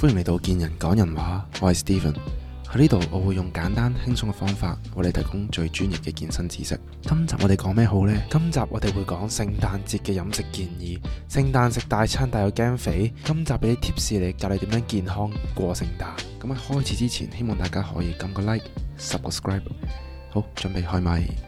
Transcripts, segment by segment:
歡迎嚟到健人講人話，我係 Steven，喺呢度，我會用簡單輕鬆嘅方法為你提供最專業嘅健身知識。今集我哋講咩好呢？今集我哋會講聖誕節嘅飲食建議，聖誕食大餐但又驚肥，今集俾啲貼士你，你教你點樣健康過聖誕。咁喺開始之前，希望大家可以撳個 like，subscribe，好，準備開咪。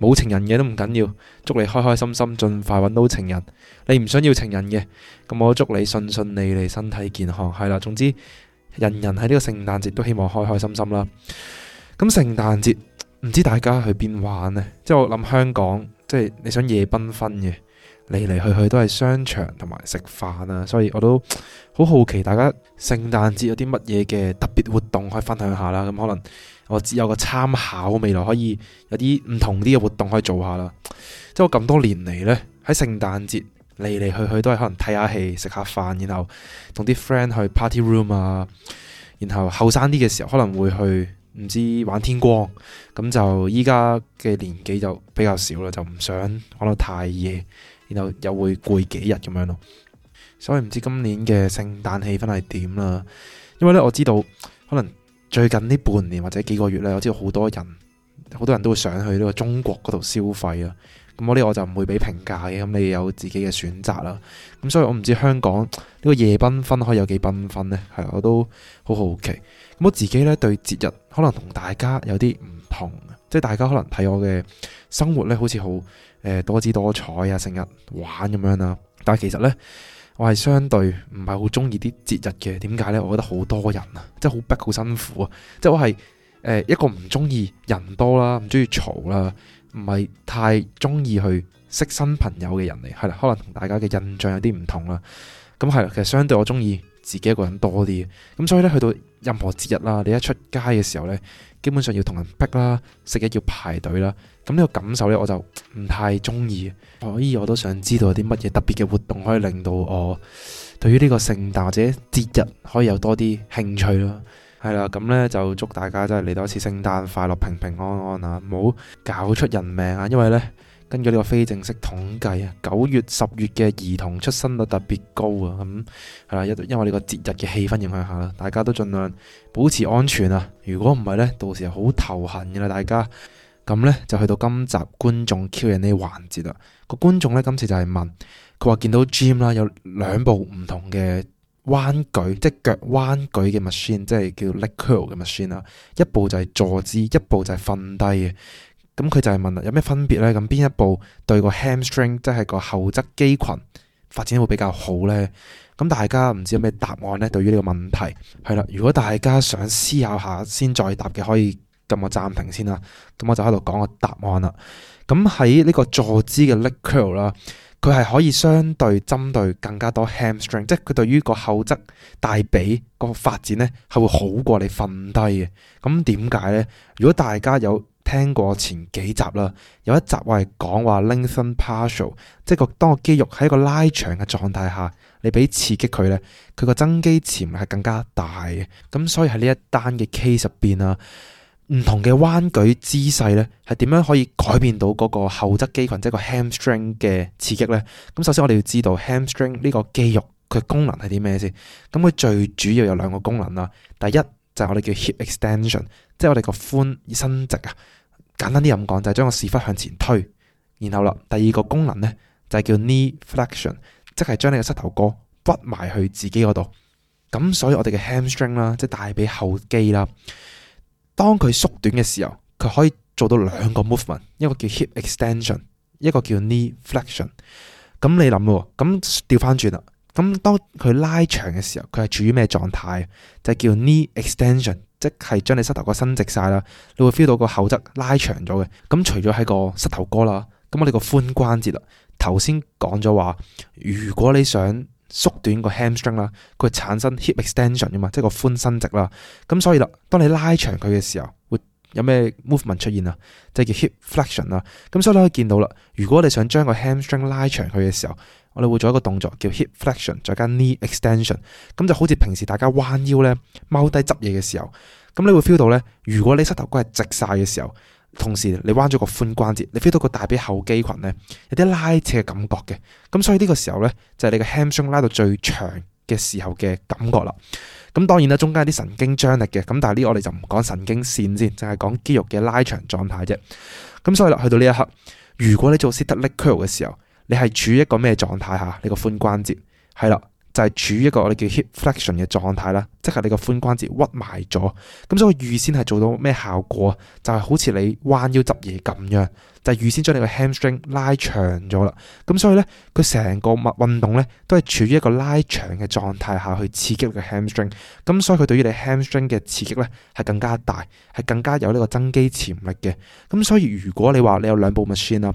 冇情人嘅都唔緊要，祝你開開心心，盡快揾到情人。你唔想要情人嘅，咁我祝你順順利利，信信身體健康。係啦，總之人人喺呢個聖誕節都希望開開心心啦。咁聖誕節唔知大家去邊玩呢？即係我諗香港，即係你想夜繽紛嘅，嚟嚟去去都係商場同埋食飯啊。所以我都好好奇大家聖誕節有啲乜嘢嘅特別活動可以分享下啦。咁可能。我只有個參考，未來可以有啲唔同啲嘅活動可以做下啦。即係我咁多年嚟呢，喺聖誕節嚟嚟去去都係可能睇下戲、食下飯，然後同啲 friend 去 party room 啊。然後後生啲嘅時候可能會去唔知玩天光，咁就依家嘅年紀就比較少啦，就唔想可能太夜，然後又會攰幾日咁樣咯。所以唔知今年嘅聖誕氣氛係點啦？因為呢，我知道可能。最近呢半年或者幾個月呢，我知道好多人，好多人都會想去呢個中國嗰度消費啊。咁我呢，我就唔會俾評價嘅，咁你有自己嘅選擇啦。咁所以我唔知香港呢個夜繽紛可以有幾繽紛呢？係我都好好奇。咁我自己呢，對節日可能同大家有啲唔同，即係大家可能睇我嘅生活呢，好似好、呃、多姿多彩啊，成日玩咁樣啦，但係其實呢。我係相對唔係好鍾意啲節日嘅，點解呢？我覺得好多人啊，即係好逼，好辛苦啊！即係我係誒一個唔鍾意人多啦，唔鍾意嘈啦，唔係太鍾意去識新朋友嘅人嚟，係啦，可能同大家嘅印象有啲唔同啦。咁係啦，其實相對我鍾意。自己一個人多啲，咁、嗯、所以呢，去到任何節日啦，你一出街嘅時候呢，基本上要同人逼啦，食嘢要排隊啦，咁、這、呢個感受呢，我就唔太中意。所以我都想知道有啲乜嘢特別嘅活動可以令到我對於呢個聖誕或者節日可以有多啲興趣咯。係啦，咁呢、嗯、就祝大家真係嚟到一次聖誕快樂，平平安安啊，唔好搞出人命啊，因為呢。根據呢個非正式統計啊，九月、十月嘅兒童出生率特別高啊，咁係啦，因因為呢個節日嘅氣氛影響下啦，大家都盡量保持安全啊。如果唔係呢，到時好頭痕嘅啦，大家。咁呢，就去到今集觀眾 Q&A 環節啦。個觀眾呢，今次就係問，佢話見到 Gym 啦有兩部唔同嘅彎舉，即係腳彎舉嘅 machine，即係叫 leg curl 嘅 machine 啊。一部就係坐姿，一部就係瞓低嘅。咁佢就係問啦，有咩分別咧？咁邊一部對個 hamstring，即係個後側肌群發展會比較好咧？咁大家唔知有咩答案咧？對於呢個問題，係啦，如果大家想思考下先再答嘅，可以撳個暫停先啦。咁我就喺度講個答案啦。咁喺呢個坐姿嘅 leg curl 啦，佢係可以相對針對更加多 hamstring，即係佢對於個後側大髀個發展咧係會好過你瞓低嘅。咁點解咧？如果大家有聽過前幾集啦，有一集我係講話 lengthen partial，即係個當個肌肉喺一個拉長嘅狀態下，你俾刺激佢呢，佢個增肌潛力係更加大嘅。咁所以喺呢一單嘅 case 入邊啦，唔同嘅彎舉姿勢呢，係點樣可以改變到嗰個後側肌群，即係個 hamstring 嘅刺激呢？咁首先我哋要知道 hamstring 呢個肌肉佢功能係啲咩先？咁佢最主要有兩個功能啦，第一就係我哋叫 hip extension，即係我哋個髖伸直啊。簡單啲咁講就係將個屎忽向前推，然後啦，第二個功能呢，就係叫 knee flexion，即係將你個膝頭哥屈埋去自己嗰度。咁所以我哋嘅 hamstring 啦，即係大腿後肌啦，當佢縮短嘅時候，佢可以做到兩個 movement，一個叫 hip extension，一個叫 knee flexion。咁你諗，咁調翻轉啦。咁當佢拉長嘅時候，佢係處於咩狀態？就係叫 knee extension。即係將你膝頭哥伸直晒啦，你會 feel 到個後側拉長咗嘅。咁除咗喺個膝頭哥啦，咁我哋個髖關節啦，頭先講咗話，如果你想縮短個 hamstring 啦，佢會產生 hip extension 嘛，即係個髖伸直啦。咁所以啦，當你拉長佢嘅時候，會有咩 movement 出現啊？即係叫 hip flexion 啦。咁所以你可以見到啦，如果你想將個 hamstring 拉長佢嘅時候。我哋會做一個動作叫 hip flexion，再加 knee extension，咁就好似平時大家彎腰咧、踎低執嘢嘅時候，咁你會 feel 到咧，如果你膝頭骨係直晒嘅時候，同時你彎咗個髖關節，你 feel 到個大髀後肌群咧有啲拉扯嘅感覺嘅，咁所以呢個時候咧就係你個 hamstring 拉到最長嘅時候嘅感覺啦。咁當然啦，中間有啲神經張力嘅，咁但係呢我哋就唔講神經綫先，淨係講肌肉嘅拉長狀態啫。咁所以啦，去到呢一刻，如果你做 seated leg curl 嘅時候，你係處於一個咩狀態下？你個髖關節係啦，就係處於一個我哋叫 hip flexion 嘅狀態啦，即係你個髖關節屈埋咗。咁所以預先係做到咩效果啊？就係好似你彎腰執嘢咁樣，就係預先將你個 hamstring 拉長咗啦。咁所以咧，佢成個運動咧都係處於一個拉長嘅狀態下去刺激你個 hamstring。咁所以佢對於你 hamstring 嘅刺激咧係更加大，係更加有呢個增肌潛力嘅。咁所以如果你話你有兩部 machine 啊，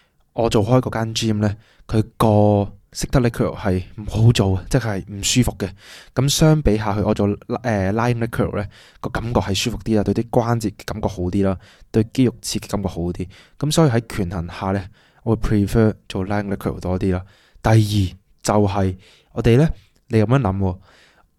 我做開嗰間 gym 咧，佢個 seated leg curl 係唔好做，即係唔舒服嘅。咁相比下去，我做誒 lying leg curl 咧，個感覺係舒服啲啦，對啲關節感覺好啲啦，對肌肉刺激感覺好啲。咁所以喺權衡下咧，我會 prefer 做 lying leg curl 多啲啦。第二就係、是、我哋咧，你咁樣諗，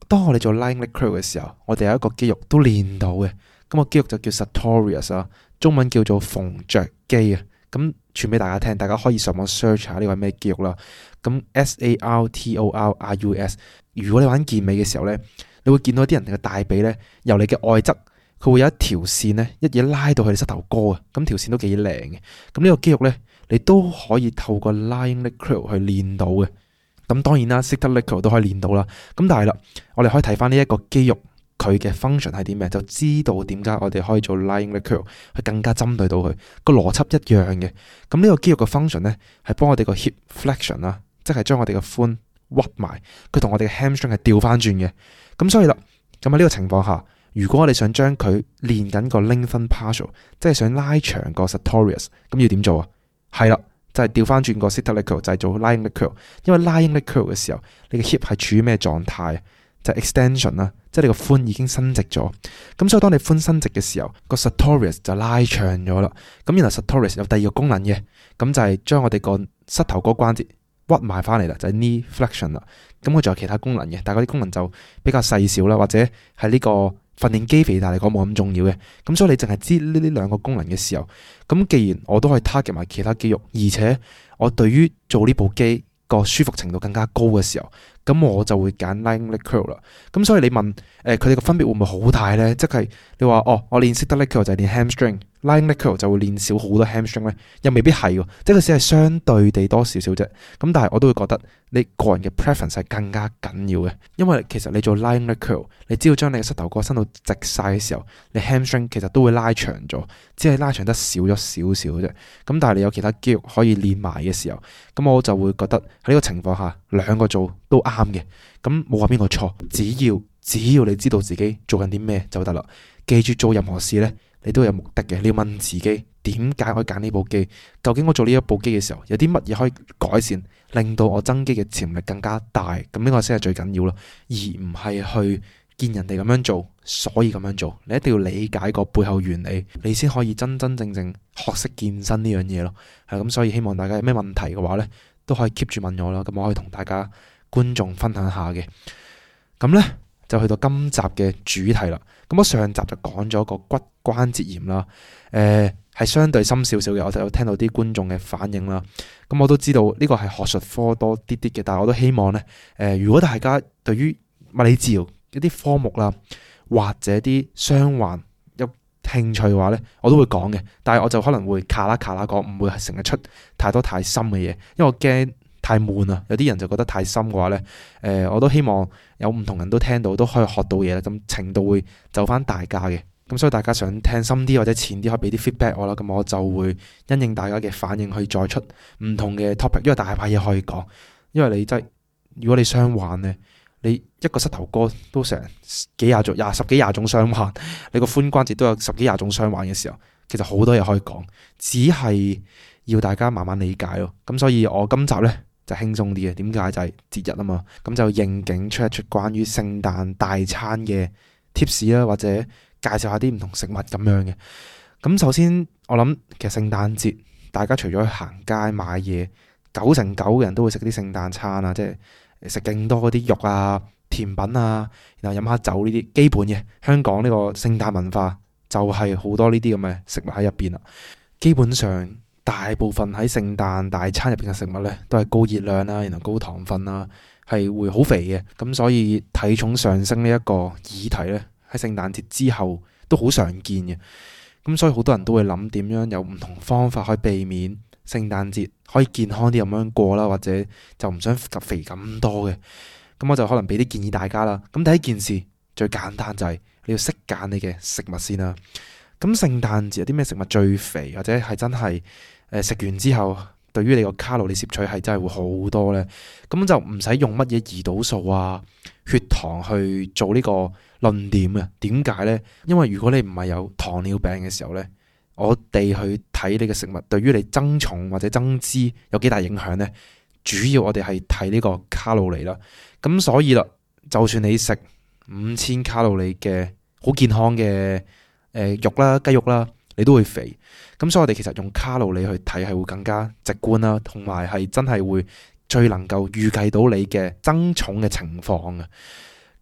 當我哋做 lying leg curl 嘅時候，我哋有一個肌肉都練到嘅，咁、那個肌肉就叫 sartorius 啦，中文叫做縫着肌啊，咁。傳俾大家聽，大家可以上網 search 下呢個咩肌肉啦。咁 s a r t o r i u s，如果你玩健美嘅時候咧，你會見到啲人嘅大髀咧，由你嘅外側佢會有一條線咧，一嘢拉到佢膝頭哥啊。咁條線都幾靚嘅。咁呢個肌肉咧，你都可以透過 lying l i q u i d 去練到嘅。咁當然啦 s i t l i q u i d 都可以練到啦。咁但係啦，我哋可以睇翻呢一個肌肉。佢嘅 function 係點咩？就知道點解我哋可以做 lying leg curl，去更加針對到佢，個邏輯一樣嘅。咁呢個肌肉嘅 function 呢，係幫我哋個 hip flexion 啦，即係將我哋嘅髖屈埋。佢同我哋嘅 hamstring 係調翻轉嘅。咁所以啦，咁喺呢個情況下，如果我哋想將佢練緊個 lengthen partial，即係想拉長個 sartorius，咁要點做啊？係啦，就係調翻轉個 seated leg curl，就係做 lying leg curl。因為 lying leg curl 嘅時候，你嘅 hip 係處於咩狀態？就 extension 啦，即係你個寬已經伸直咗，咁所以當你寬伸直嘅時候，個 sartorius 就拉長咗啦。咁然後 sartorius 有第二個功能嘅，咁就係將我哋個膝頭嗰關節屈埋翻嚟啦，就係、是、knee flexion 啦。咁佢仲有其他功能嘅，但係嗰啲功能就比較細小啦，或者係呢個訓練肌肥大嚟講冇咁重要嘅。咁所以你淨係知呢啲兩個功能嘅時候，咁既然我都可以 target 埋其他肌肉，而且我對於做呢部機個舒服程度更加高嘅時候。咁我就會揀 lying leg curl 啦。咁、like、所以你問誒佢哋個分別會唔會好大咧？即、就、係、是、你話哦，我練識得 leg curl、like、就係練 hamstring。Lying leg curl 就會練少好多 hamstring 咧，又未必係喎，即係只係相對地多少少啫。咁但係我都會覺得你個人嘅 preference 係更加緊要嘅，因為其實你做 Lying leg curl，你只要將你嘅膝頭哥伸到直晒嘅時候，你 hamstring 其實都會拉長咗，只係拉長得少咗少少啫。咁但係你有其他肌肉可以練埋嘅時候，咁我就會覺得喺呢個情況下兩個做都啱嘅，咁冇話邊個錯，只要只要你知道自己做緊啲咩就得啦。記住做任何事咧。你都有目的嘅，你要問自己點解可以揀呢部機？究竟我做呢一部機嘅時候，有啲乜嘢可以改善，令到我增肌嘅潛力更加大？咁呢個先係最緊要咯，而唔係去見人哋咁樣做，所以咁樣做。你一定要理解個背後原理，你先可以真真正正學識健身呢樣嘢咯。係咁，所以希望大家有咩問題嘅話呢，都可以 keep 住問我啦，咁我可以同大家觀眾分享下嘅。咁呢。就去到今集嘅主題啦。咁我上集就講咗個骨關節炎啦。誒、呃，係相對深少少嘅。我就有聽到啲觀眾嘅反應啦。咁、嗯、我都知道呢個係學術科多啲啲嘅。但係我都希望呢，誒、呃，如果大家對於物理治療一啲科目啦，或者啲傷患有興趣嘅話呢，我都會講嘅。但係我就可能會卡啦卡啦講，唔會係成日出太多太深嘅嘢，因為我驚。太悶啦！有啲人就覺得太深嘅話呢，誒、呃，我都希望有唔同人都聽到，都可以學到嘢啦。咁程度會就返大家嘅，咁所以大家想聽深啲或者淺啲，可以俾啲 feedback 我啦。咁我就會因應大家嘅反應去再出唔同嘅 topic，因為大把嘢可以講。因為你真係如果你傷患呢，你一個膝頭哥都成幾廿種、廿十幾廿種傷患，你個髖關節都有十幾廿種傷患嘅時候，其實好多嘢可以講，只係要大家慢慢理解咯。咁所以我今集呢。就輕鬆啲嘅，點解就係節日啊嘛，咁就應景出一出關於聖誕大餐嘅 tips 啦，或者介紹下啲唔同食物咁樣嘅。咁首先我諗，其實聖誕節大家除咗去行街買嘢，九成九嘅人都會食啲聖誕餐啊，即係食勁多嗰啲肉啊、甜品啊，然後飲下酒呢啲基本嘅。香港呢個聖誕文化就係好多呢啲咁嘅食物喺入邊啦，基本上。大部分喺聖誕大餐入邊嘅食物呢，都係高熱量啦、啊，然後高糖分啦、啊，係會好肥嘅。咁所以體重上升呢一個議題呢，喺聖誕節之後都好常見嘅。咁所以好多人都會諗點樣有唔同方法可以避免聖誕節可以健康啲咁樣過啦，或者就唔想肥咁多嘅。咁我就可能俾啲建議大家啦。咁第一件事最簡單就係、是、你要識揀你嘅食物先啦。咁聖誕節有啲咩食物最肥，或者係真係誒食完之後，對於你個卡路里攝取係真係會好多呢？咁就唔使用乜嘢胰島素啊、血糖去做呢個論點啊。點解呢？因為如果你唔係有糖尿病嘅時候呢，我哋去睇你嘅食物對於你增重或者增脂有幾大影響呢？主要我哋係睇呢個卡路里啦。咁所以啦，就算你食五千卡路里嘅好健康嘅，誒肉啦，雞肉啦，你都會肥，咁所以我哋其實用卡路里去睇係會更加直觀啦，同埋係真係會最能夠預計到你嘅增重嘅情況嘅。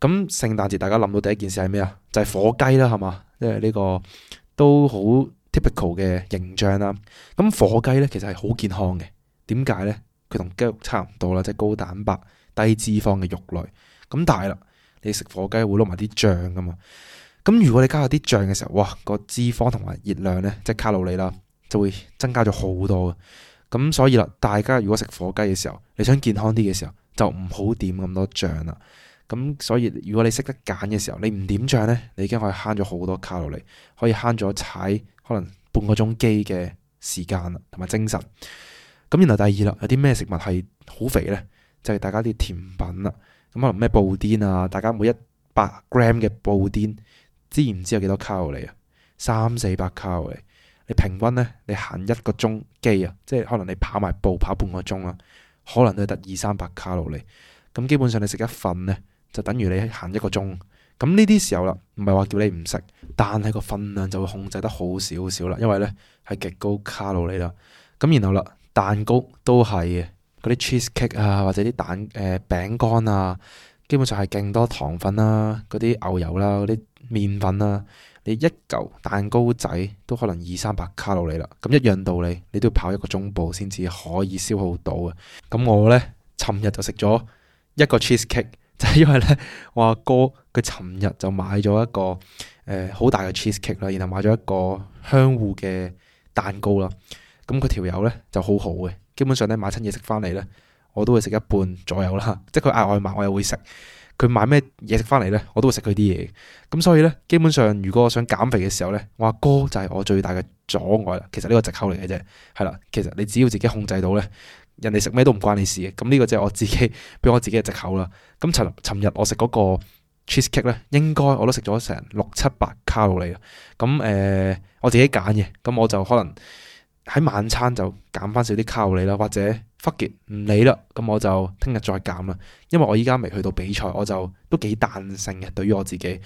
咁聖誕節大家諗到第一件事係咩啊？就係、是、火雞啦，係嘛？因為呢個都好 typical 嘅形象啦。咁火雞呢其實係好健康嘅，點解呢？佢同雞肉差唔多啦，即、就、係、是、高蛋白低脂肪嘅肉類。咁但係啦，你食火雞會攞埋啲醬㗎嘛。咁如果你加下啲醬嘅時候，哇，個脂肪同埋熱量呢，即係卡路里啦，就會增加咗好多。咁所以啦，大家如果食火雞嘅時候，你想健康啲嘅時候，就唔好點咁多醬啦。咁所以如果你識得揀嘅時候，你唔點醬呢，你已經可以慳咗好多卡路里，可以慳咗踩可能半個鐘機嘅時間啦，同埋精神。咁然後第二啦，有啲咩食物係好肥呢？就係大家啲甜品啦。咁可能咩布甸啊？大家每一百 gram 嘅布甸。知唔知有幾多卡路里啊？三四百卡路里。你平均咧，你行一個鐘機啊，即係可能你跑埋步跑半個鐘啦，可能都係得二三百卡路里。咁基本上你食一份咧，就等於你行一個鐘。咁呢啲時候啦，唔係話叫你唔食，但係個份量就會控制得好少少啦，因為咧係極高卡路里啦。咁然後啦，蛋糕都係嘅，嗰啲 cheesecake 啊，或者啲蛋誒、呃、餅乾啊，基本上係勁多糖分啦、啊，嗰啲牛油啦、啊，啲。麵粉啊，你一嚿蛋糕仔都可能二三百卡路里啦。咁一樣道理，你都要跑一個鐘步先至可以消耗到嘅。咁我呢，尋日就食咗一個 cheesecake，就係、是、因為呢，我阿哥佢尋日就買咗一個誒好、呃、大嘅 cheesecake 啦，然後買咗一個香芋嘅蛋糕啦。咁佢條友呢就好好嘅，基本上呢，買親嘢食返嚟呢，我都會食一半左右啦，即係佢嗌外賣我又會食。佢買咩嘢食翻嚟咧，我都會食佢啲嘢。咁所以咧，基本上如果我想減肥嘅時候咧，我阿哥就係我最大嘅阻礙啦。其實呢個藉口嚟嘅啫，係啦。其實你只要自己控制到咧，人哋食咩都唔關你事嘅。咁呢個就係我自己俾我自己嘅藉口啦。咁尋尋日我食嗰個 cheese cake 咧，應該我都食咗成六七百卡路里啊。咁誒、呃，我自己揀嘅，咁我就可能喺晚餐就減翻少啲卡路里啦，或者。忽略唔理啦，咁我就聽日再減啦。因為我依家未去到比賽，我就都幾彈性嘅對於我自己。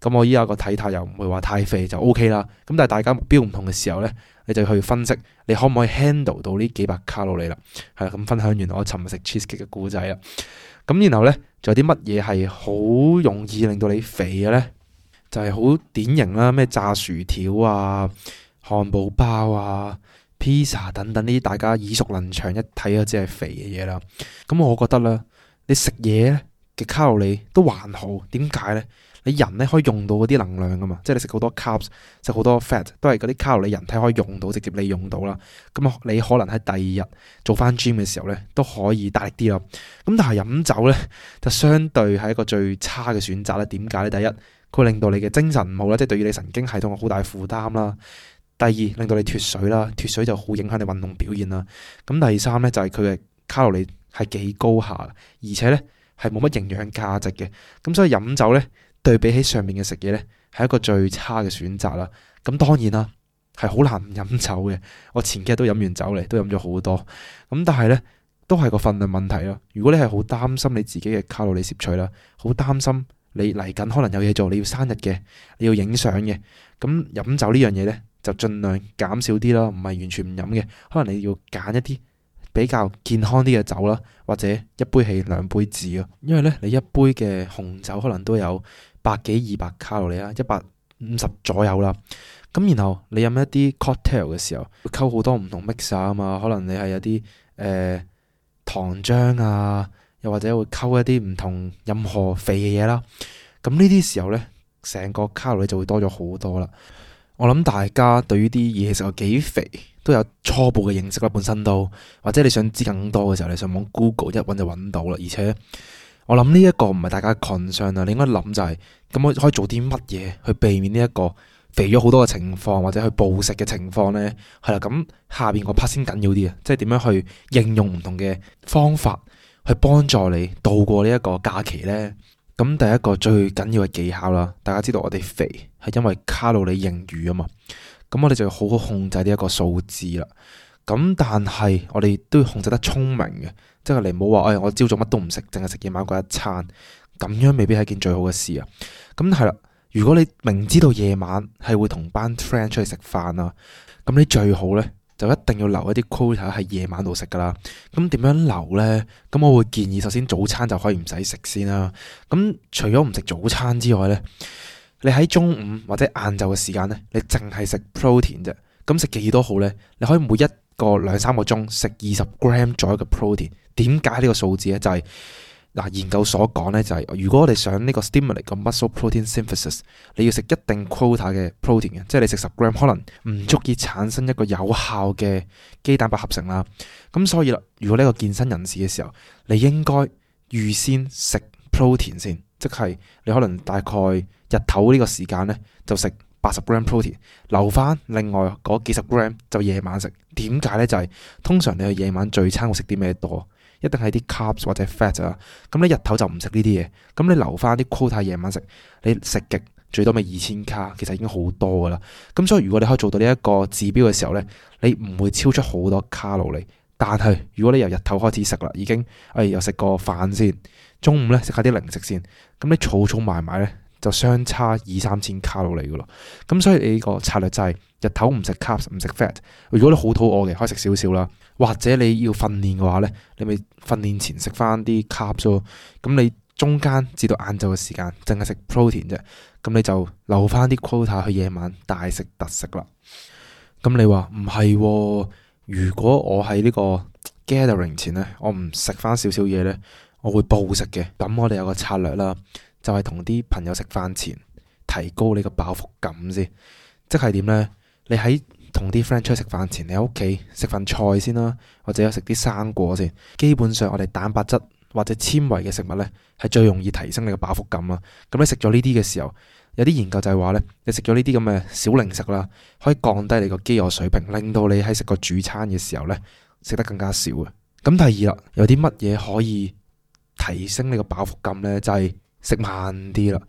咁我依家個體態又唔會話太肥就 OK 啦。咁但係大家目標唔同嘅時候呢，你就去分析你可唔可以 handle 到呢幾百卡路里啦。係啦，咁分享完我尋日食 cheesecake 嘅故仔啦。咁然後呢，仲有啲乜嘢係好容易令到你肥嘅呢？就係、是、好典型啦，咩炸薯條啊、漢堡包啊。Pizza 等等呢啲大家耳熟能詳一睇啊，即係肥嘅嘢啦。咁我覺得啦，你食嘢嘅卡路里都還好，點解呢？你人呢可以用到嗰啲能量噶嘛？即係你食好多 carbs 食好多 fat，都係嗰啲卡路里，人體可以用到，直接利用到啦。咁啊，你可能喺第二日做翻 gym 嘅時候呢，都可以大力啲咯。咁但係飲酒呢，就相對係一個最差嘅選擇啦。點解呢？第一，佢令到你嘅精神唔好啦，即係對於你神經系統有好大負擔啦。第二，令到你脫水啦，脫水就好影響你運動表現啦。咁第三咧就係佢嘅卡路里係幾高下，而且咧係冇乜營養價值嘅。咁所以飲酒咧對比起上面嘅食嘢咧係一個最差嘅選擇啦。咁當然啦係好難唔飲酒嘅。我前幾日都飲完酒嚟，都飲咗好多。咁但係咧都係個分量問題咯。如果你係好擔心你自己嘅卡路里攝取啦，好擔心你嚟緊可能有嘢做，你要生日嘅，你要影相嘅，咁飲酒呢樣嘢咧，就儘量減少啲啦，唔係完全唔飲嘅，可能你要揀一啲比較健康啲嘅酒啦，或者一杯起兩杯止啊，因為呢，你一杯嘅紅酒可能都有百幾二百卡路里啦，一百五十左右啦。咁然後你飲一啲 cocktail 嘅時候，會溝好多唔同 mixer 啊嘛，可能你係有啲誒、呃、糖漿啊，又或者會溝一啲唔同任何肥嘅嘢啦。咁呢啲時候呢，成個卡路里就會多咗好多啦。我諗大家對於啲嘢食，有幾肥，都有初步嘅認識啦，本身都，或者你想知更多嘅時候，你上網 Google 一揾就揾到啦。而且我諗呢一個唔係大家嘅困傷 concern 啦，你應該諗就係、是、咁，可以做啲乜嘢去避免呢一個肥咗好多嘅情況，或者去暴食嘅情況呢？係啦，咁下邊個 part 先緊要啲啊，即係點樣去應用唔同嘅方法去幫助你度過呢一個假期呢？咁第一個最緊要嘅技巧啦，大家知道我哋肥係因為卡路里盈餘啊嘛，咁我哋就要好好控制呢一個數字啦。咁但係我哋都要控制得聰明嘅，即係你唔好話，哎，我朝早乜都唔食，淨係食夜晚嗰一餐，咁樣未必係件最好嘅事啊。咁係啦，如果你明知道夜晚係會同班 friend 出去食飯啊，咁你最好呢。就一定要留一啲 quota 喺夜晚度食噶啦。咁點樣留呢？咁我會建議，首先早餐就可以唔使食先啦。咁除咗唔食早餐之外呢，你喺中午或者晏晝嘅時間呢，你淨係食 protein 啫。咁食幾多好呢？你可以每一個兩三個鐘食二十 gram 左右嘅 protein。點解呢個數字呢？就係。嗱，研究所講咧就係，如果我哋想呢個 stimulate 個 muscle protein synthesis，你要食一定 quota 嘅 protein 嘅，即係你食十 gram 可能唔足以產生一個有效嘅肌蛋白合成啦。咁所以啦，如果呢個健身人士嘅時候，你應該預先食 protein 先，即係你可能大概日頭呢個時間咧就食八十 gram protein，留翻另外嗰幾十 gram 就夜晚食。點解咧？就係通常你去夜晚聚餐會食啲咩多？一定係啲 carbs 或者 fat 啊，咁 你日頭就唔食呢啲嘢，咁你留翻啲 quota 夜晚食，你食極最多咪二千卡，其實已經好多噶啦。咁所以如果你可以做到呢一個指標嘅時候呢，你唔會超出好多卡路里。但係如果你由日頭開始食啦，已經誒、哎、又食個飯先，中午呢食下啲零食先，咁你儲儲埋埋呢，就相差二三千卡路里嘅咯，咁所以你呢個策略就係、是、日頭唔食 carbs 唔食 fat，如果你好肚餓嘅可以食少少啦，或者你要訓練嘅話呢，你咪訓練前食翻啲 carbs 咯，咁你中間至到晏晝嘅時間淨係食 protein 啫，咁你就留翻啲 quota 去夜晚大食特食啦。咁你話唔係？如果我喺呢個 gathering 前呢，我唔食翻少少嘢呢，我會暴食嘅。咁我哋有個策略啦。就係同啲朋友食飯前提高你個飽腹感先，即係點呢？你喺同啲 friend 出去食飯前，你喺屋企食份菜先啦，或者有食啲生果先。基本上，我哋蛋白質或者纖維嘅食物呢，係最容易提升你個飽腹感啦。咁你食咗呢啲嘅時候，有啲研究就係話呢：你食咗呢啲咁嘅小零食啦，可以降低你個飢餓水平，令到你喺食個主餐嘅時候呢，食得更加少啊。咁第二啦，有啲乜嘢可以提升你個飽腹感呢？就係、是。食慢啲啦。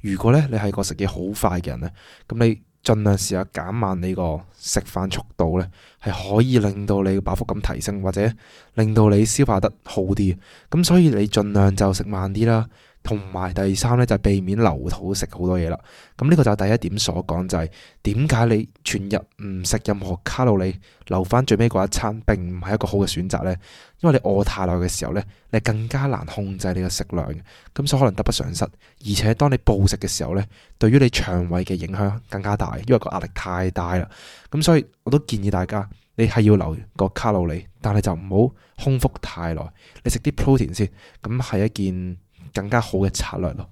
如果咧你係個食嘢好快嘅人咧，咁你盡量試下減慢你個食飯速度咧，係可以令到你嘅飽腹感提升，或者令到你消化得好啲。咁所以你盡量就食慢啲啦。同埋第三咧，就係、避免留肚食好多嘢啦。咁、這、呢個就第一點所講、就係，就係點解你全日唔食任何卡路里，留翻最尾嗰一餐，並唔係一個好嘅選擇呢？因為你餓太耐嘅時候呢，你更加難控制你嘅食量，咁所以可能得不償失。而且當你暴食嘅時候呢，對於你腸胃嘅影響更加大，因為個壓力太大啦。咁所以我都建議大家，你係要留個卡路里，但係就唔好空腹太耐。你食啲 protein 先，咁係一件。更加好嘅策略咯。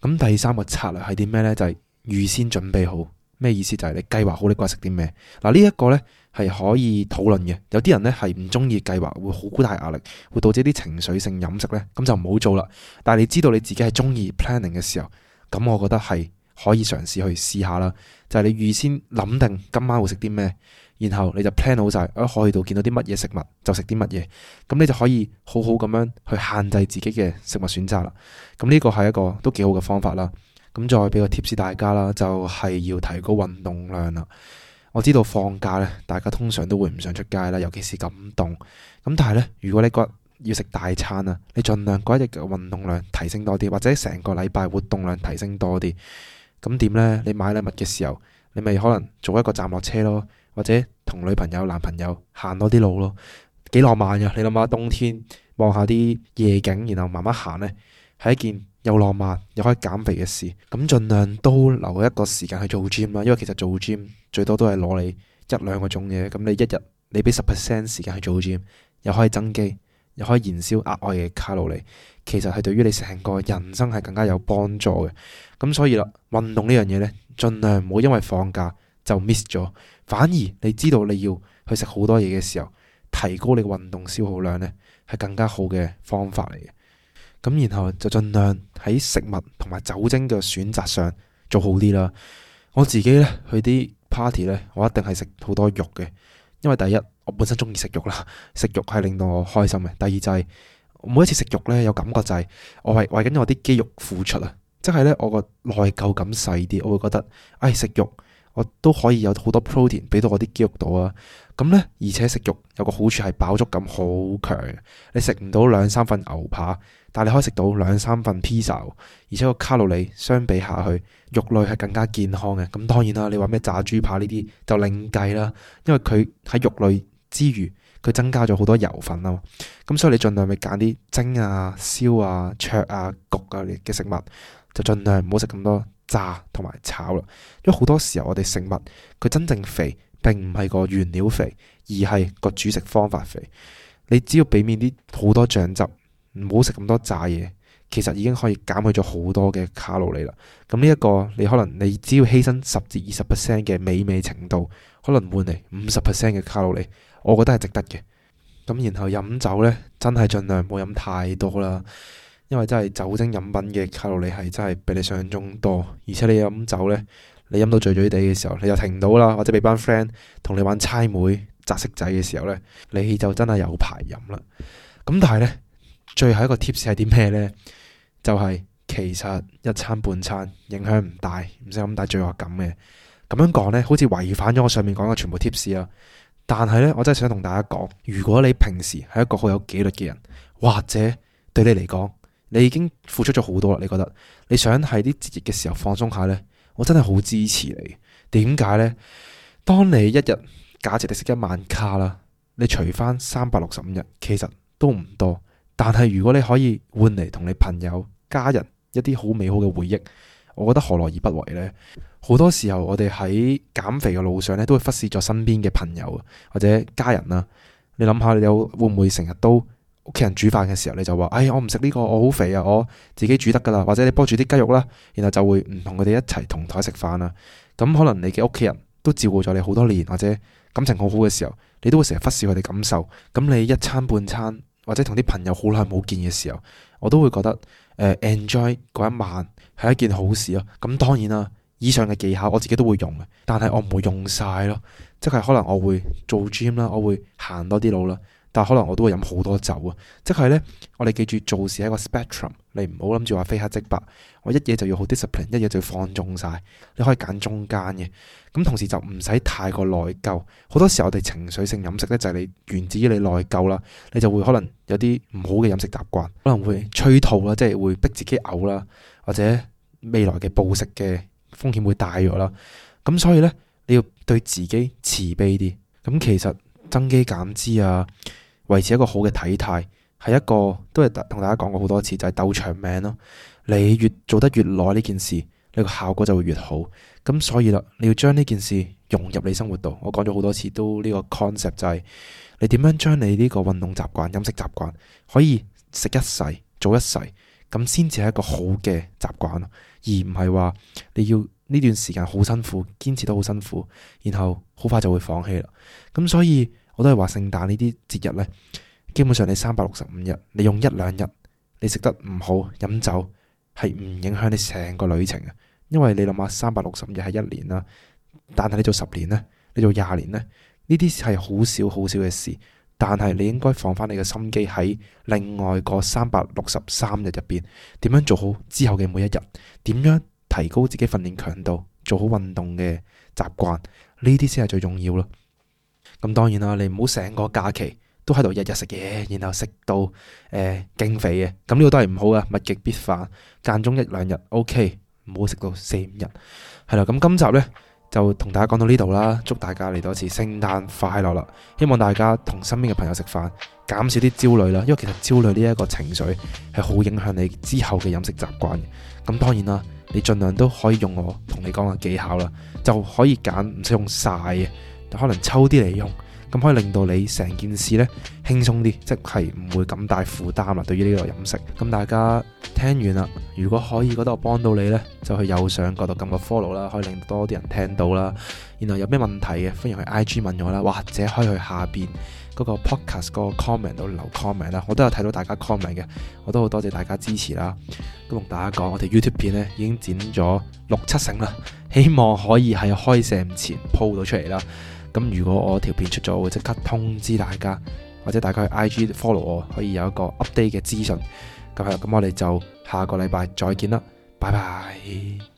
咁第三個策略係啲咩呢？就係、是、預先準備好。咩意思？就係、是、你計劃好你該食啲咩。嗱呢一個呢，係可以討論嘅。有啲人呢，係唔中意計劃，會好大壓力，會導致啲情緒性飲食呢，咁就唔好做啦。但係你知道你自己係中意 planning 嘅時候，咁我覺得係。可以嘗試去試下啦，就係你預先諗定今晚會食啲咩，然後你就 plan 好晒，喺，呃，海邊度見到啲乜嘢食物，就食啲乜嘢。咁你就可以好好咁樣去限制自己嘅食物選擇啦。咁呢個係一個都幾好嘅方法啦。咁再俾個 tips 大家啦，就係要提高運動量啦。我知道放假呢，大家通常都會唔想出街啦，尤其是咁凍。咁但係呢，如果你覺得要食大餐啊，你盡量嗰一日嘅運動量提升多啲，或者成個禮拜活動量提升多啲。咁點呢？你買禮物嘅時候，你咪可能做一個站落車咯，或者同女朋友、男朋友行多啲路咯，幾浪漫呀。你諗下冬天望下啲夜景，然後慢慢行呢，係一件又浪漫又可以減肥嘅事。咁盡量都留一個時間去做 gym 啦，因為其實做 gym 最多都係攞你一兩個鐘嘅。咁你一日你俾十 percent 時間去做 gym，又可以增肌。又可以燃燒額外嘅卡路里，其實係對於你成個人生係更加有幫助嘅。咁所以啦，運動呢樣嘢呢，盡量唔好因為放假就 miss 咗，反而你知道你要去食好多嘢嘅時候，提高你嘅運動消耗量呢，係更加好嘅方法嚟嘅。咁然後就盡量喺食物同埋酒精嘅選擇上做好啲啦。我自己呢，去啲 party 呢，我一定係食好多肉嘅，因為第一。我本身鍾意食肉啦，食肉係令到我開心嘅。第二就係、是、每一次食肉呢，有感覺就係我係為為緊我啲肌肉付出啊，即係呢，我個內疚感細啲。我會覺得，唉、哎，食肉我都可以有好多 protein 俾到我啲肌肉度啊。咁呢，而且食肉有個好處係飽足感好強，你食唔到兩三份牛扒，但係你可以食到兩三份 pizza，而且個卡路里相比下去，肉類係更加健康嘅。咁當然啦，你話咩炸豬扒呢啲就另計啦，因為佢喺肉類。之餘，佢增加咗好多油分啊嘛。咁所以你儘量咪揀啲蒸啊、燒啊、灼啊、焗啊嘅、啊、食物，就儘量唔好食咁多炸同埋炒啦。因為好多時候我哋食物佢真正肥並唔係個原料肥，而係個煮食方法肥。你只要避免啲好多醬汁，唔好食咁多炸嘢，其實已經可以減去咗好多嘅卡路里啦。咁呢一個你可能你只要犧牲十至二十 percent 嘅美味程度，可能換嚟五十 percent 嘅卡路里。我覺得係值得嘅，咁然後飲酒呢，真係盡量唔好飲太多啦，因為真係酒精飲品嘅卡路里係真係比你想象中多，而且你飲酒呢，你飲到醉醉地嘅時候，你就停唔到啦，或者俾班 friend 同你玩猜枚、扎骰仔嘅時候呢，你就真係有排飲啦。咁但係呢，最後一個 tips 係啲咩呢？就係其實一餐半餐影響唔大，唔使咁大罪惡感嘅。咁樣講呢，好似違反咗我上面講嘅全部 tips 啊。但係呢，我真係想同大家講，如果你平時係一個好有紀律嘅人，或者對你嚟講，你已經付出咗好多啦，你覺得你想喺啲節日嘅時候放鬆下呢？我真係好支持你。點解呢？當你一日假設你食一萬卡啦，你除翻三百六十五日，其實都唔多。但係如果你可以換嚟同你朋友、家人一啲好美好嘅回憶，我覺得何樂而不為呢？好多時候我哋喺減肥嘅路上咧，都會忽視咗身邊嘅朋友或者家人啦。你諗下，你有會唔會成日都屋企人煮飯嘅時候，你就話：哎，我唔食呢個，我好肥啊！我自己煮得㗎喇。或者你幫住啲雞肉啦，然後就會唔同佢哋一齊同台食飯啦。咁可能你嘅屋企人都照顧咗你好多年，或者感情好好嘅時候，你都會成日忽視佢哋感受。咁你一餐半餐，或者同啲朋友好耐冇見嘅時候，我都會覺得，enjoy 嗰一晚係一件好事啊。咁、呃、當然啦。以上嘅技巧我自己都會用嘅，但係我唔會用晒咯，即係可能我會做 gym 啦，我會行多啲路啦，但係可能我都會飲好多酒啊。即係呢，我哋記住做事係一個 spectrum，你唔好諗住話非黑即白，我一嘢就要好 discipline，一嘢就要放縱晒，你可以揀中間嘅。咁同時就唔使太過內疚。好多時候我哋情緒性飲食呢，就係你源自於你內疚啦，你就會可能有啲唔好嘅飲食習慣，可能會催吐啦，即係會逼自己嘔啦，或者未來嘅暴食嘅。風險會大咗啦，咁所以呢，你要對自己慈悲啲。咁其實增肌減脂啊，維持一個好嘅體態係一個都係同大家講過好多次，就係鬥長命咯。你越做得越耐呢件事，你個效果就會越好。咁所以啦，你要將呢件事融入你生活度。我講咗好多次都呢個 concept 就係你點樣將你呢個運動習慣、飲食習慣可以食一世、做一世，咁先至係一個好嘅習慣咯。而唔係話你要呢段時間好辛苦，堅持得好辛苦，然後好快就會放棄啦。咁所以我都係話聖誕呢啲節日呢，基本上你三百六十五日，你用一兩日，你食得唔好，飲酒係唔影響你成個旅程啊。因為你諗下三百六十五日係一年啦，但係你做十年呢，你做廿年呢，呢啲係好少好少嘅事。但係你應該放翻你嘅心機喺另外嗰三百六十三日入邊，點樣做好之後嘅每一日，點樣提高自己訓練強度，做好運動嘅習慣，呢啲先係最重要咯。咁當然啦，你唔好成個假期都喺度日日食嘢，然後食到誒勁肥嘅，咁呢個都係唔好噶，物極必反，間中一兩日 OK，唔好食到四五日。係啦，咁今集呢。就同大家講到呢度啦，祝大家嚟多次聖誕快樂啦！希望大家同身邊嘅朋友食飯，減少啲焦慮啦，因為其實焦慮呢一個情緒係好影響你之後嘅飲食習慣嘅。咁當然啦，你盡量都可以用我同你講嘅技巧啦，就可以揀唔使用晒嘅，可能抽啲嚟用。咁可以令到你成件事呢輕鬆啲，即係唔會咁大負擔啦。對於呢個飲食，咁大家聽完啦，如果可以覺得我幫到你呢，就去右上角度撳個 follow 啦，可以令到多啲人聽到啦。然後有咩問題嘅，歡迎去 IG 問我啦，或者可以去下邊嗰個 podcast 嗰個 comment 度留 comment 啦。我都有睇到大家 comment 嘅，我都好多謝大家支持啦。咁同大家講，我哋 YouTube 片呢已經剪咗六七成啦，希望可以喺開線前 po 到出嚟啦。咁如果我條片出咗，我會即刻通知大家，或者大家去 IG follow 我，可以有一個 update 嘅資訊。咁係，咁我哋就下個禮拜再見啦，拜拜。